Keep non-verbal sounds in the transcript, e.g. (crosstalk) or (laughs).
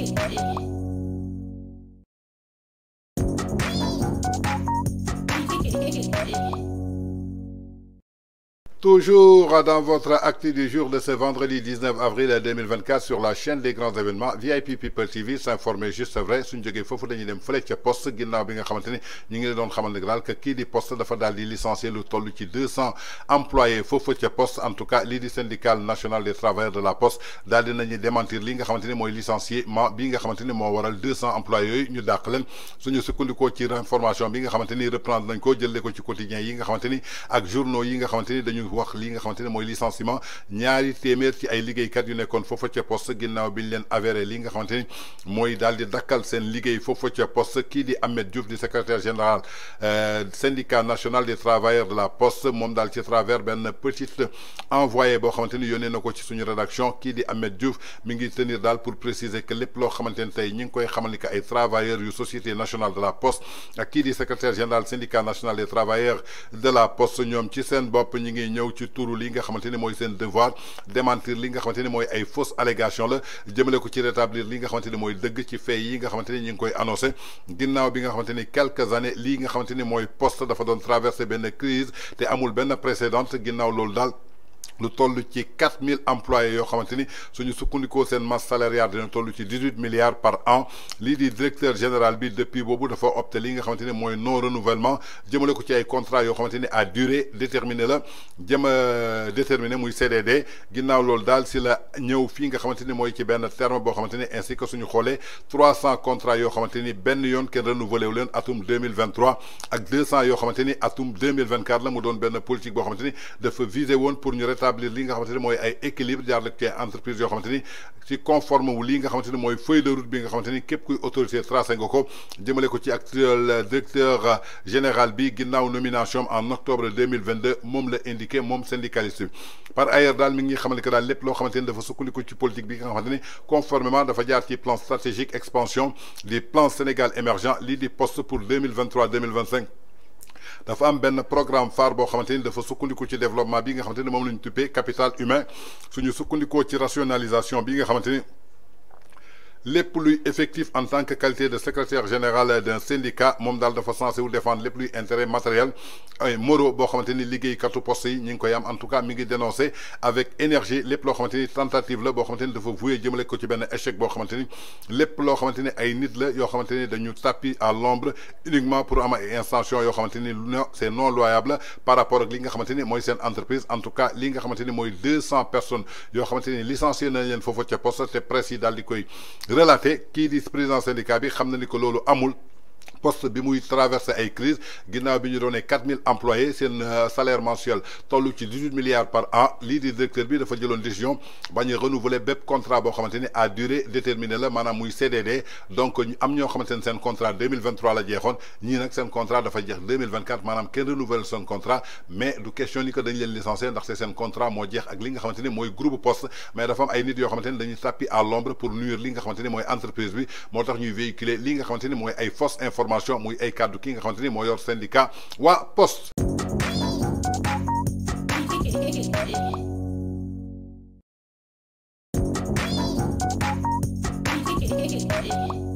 Thank (laughs) you. Toujours dans votre acte du jour de ce vendredi 19 avril 2024 sur la chaîne des grands événements VIP People TV s'informer juste vrai suñ jógee foofu dañuy dem fële ca poste ginnaaw bi nga xamante ni ñu ngi leen doon xamal ne daal que kii di poste dafa daal di licencier lu toll ci 200 employés foofu ca poste en tout cas lii di syndical national des travailleurs de la poste daal di nañu démentir li nga xamante ni mooy licenciement bi nga xamante ni waral deux employés yooyu ñu dàq leen suñu sukkandikoo ci information bi nga xamante ni reprendre nañ ko jëlee ko ci quotidien yi nga xamante ni ak journaux yi nga xamante dañu wax li nga xamante licenciement ñaari téeméer ci ay kat yu faut fofu pour poste ginnaw biñu len avéré li nga xamante ni mooy daal di dakkal il faut faire pour poste ki di Ahmed Diouf euh, di secrétaire général syndicat national des travailleurs de la poste mom dal ci travers ben petite envoyé bo xamanteni yoné nako nos ci suñu rédaction qui di Ahmed Diouf mi ngi tenir pour préciser que lepp lo xamanteni tay ñing koy ay travailleurs yu société nationale de la poste ak ki di secrétaire général syndicat national des travailleurs de la poste ñom ci sen bop ñi ngi ñëw ci turu li nga xamanteni moy mooy seen devoir démentir li nga xamanteni moy ay fausse allégations la jëmele ko ci rétablir li nga xamanteni moy mooy dëgg ci fait yi nga xamanteni ñing koy annoncer ginnaw bi nga xamanteni quelques années li nga xamanteni moy poste dafa doon traverser ben crise té amul ben précédente ginnaw lool dal lu tolu ci 4000 employés yo xamanteni suñu sukkandikoo seen masse salariale dina tolu ci 18 milliards par an li di directeur général bi depuis bobu dafa opté li nga xamanteni moy non renouvellement jëmale ko ci ay contrat yo xamanteni à durée déterminée la jëm a déterminé muy CDD ginnaw lol dal si la ñëw fi nga xamanteni moy ci ben terme bo xamanteni ainsi que suñu xolé 300 contrats yo xamanteni ben benn yoon kenn renouvelé wu leen atum 2023 ak 200 yo xamanteni atum 2024 la mu doon ben politique bo xamanteni dafa viser won pour ñu rétablir li nga xamante ay équilibre jaarale entreprise ci conforme wu lii nga feuille de route bi nga xamante ni képp kuy autorité tracé actuel directeur général bi une nomination en octobre 2022 m'ont indiqué mon syndicaliste par ailleurs daal mi ngi xamal que daal lépp loo politique conformément dafa plan stratégique expansion des plans Sénégal émergent l'idée di poste pour 2023 2025 dafa am ben programme phare bo xamanteni ni dafa sukkandiku ci développement bi nga xamanteni mom lañu tuppé capital humain suñu sukkandikoo ci rationalisation bi nga xamanteni lépp luy effectif en tant que qualité de secrétaire général d'un syndicat moom de façon à se défendre lépp luy intérêt matériel ay moraux boo xamante ni liggéeykatu poste yi ñi koy am en tout cas mi ngi dénoncé avec énergie lépp loo tentative la boo de vous vouer voué jëmale ko ci échec boo xamante ni lépp loo xamante ni ay nit la yoo dañu tapis à l'ombre uniquement pour Ama et intentions yoo non c'est non loyable par rapport ak li nga xamante ni entreprise en tout cas li nga xamante ni personnes yoo licenciées ni licencié nañ leen foofu ca poste te précis yi daal relaté kii di président syndicat bi xam na ni que loolu amul poste bi muy traversé ay crise ginnaaw bi ñu donné 4000 employés sen euh, salaire mensuel tollu ci 18 milliards par an li di directeur bi dafa jëlone décision ba a renouveler bépp contrat bo xamanteni à durée déterminée la manam muy CDD donc ñu am ñoo xamanteni sen contrat 2023 la jeexoon ñi nak sen contrat dafa jéx 2024. manam ken quatre son renouveler contrat mais du question ni que dañ leen licencier ndax c'est sen contrat mo jéx ak li nga xamanteni moy groupe poste mais dafa am ay nit yo xamanteni dañuy tapis à l'ombre pour nuire li nga xamanteni moy entreprise bi motax ñuy véhiculer li nga xamanteni moy ay fausses formation muy ay cadre ki nga xamanteni mo yor syndicat wa poste Thank (laughs) you.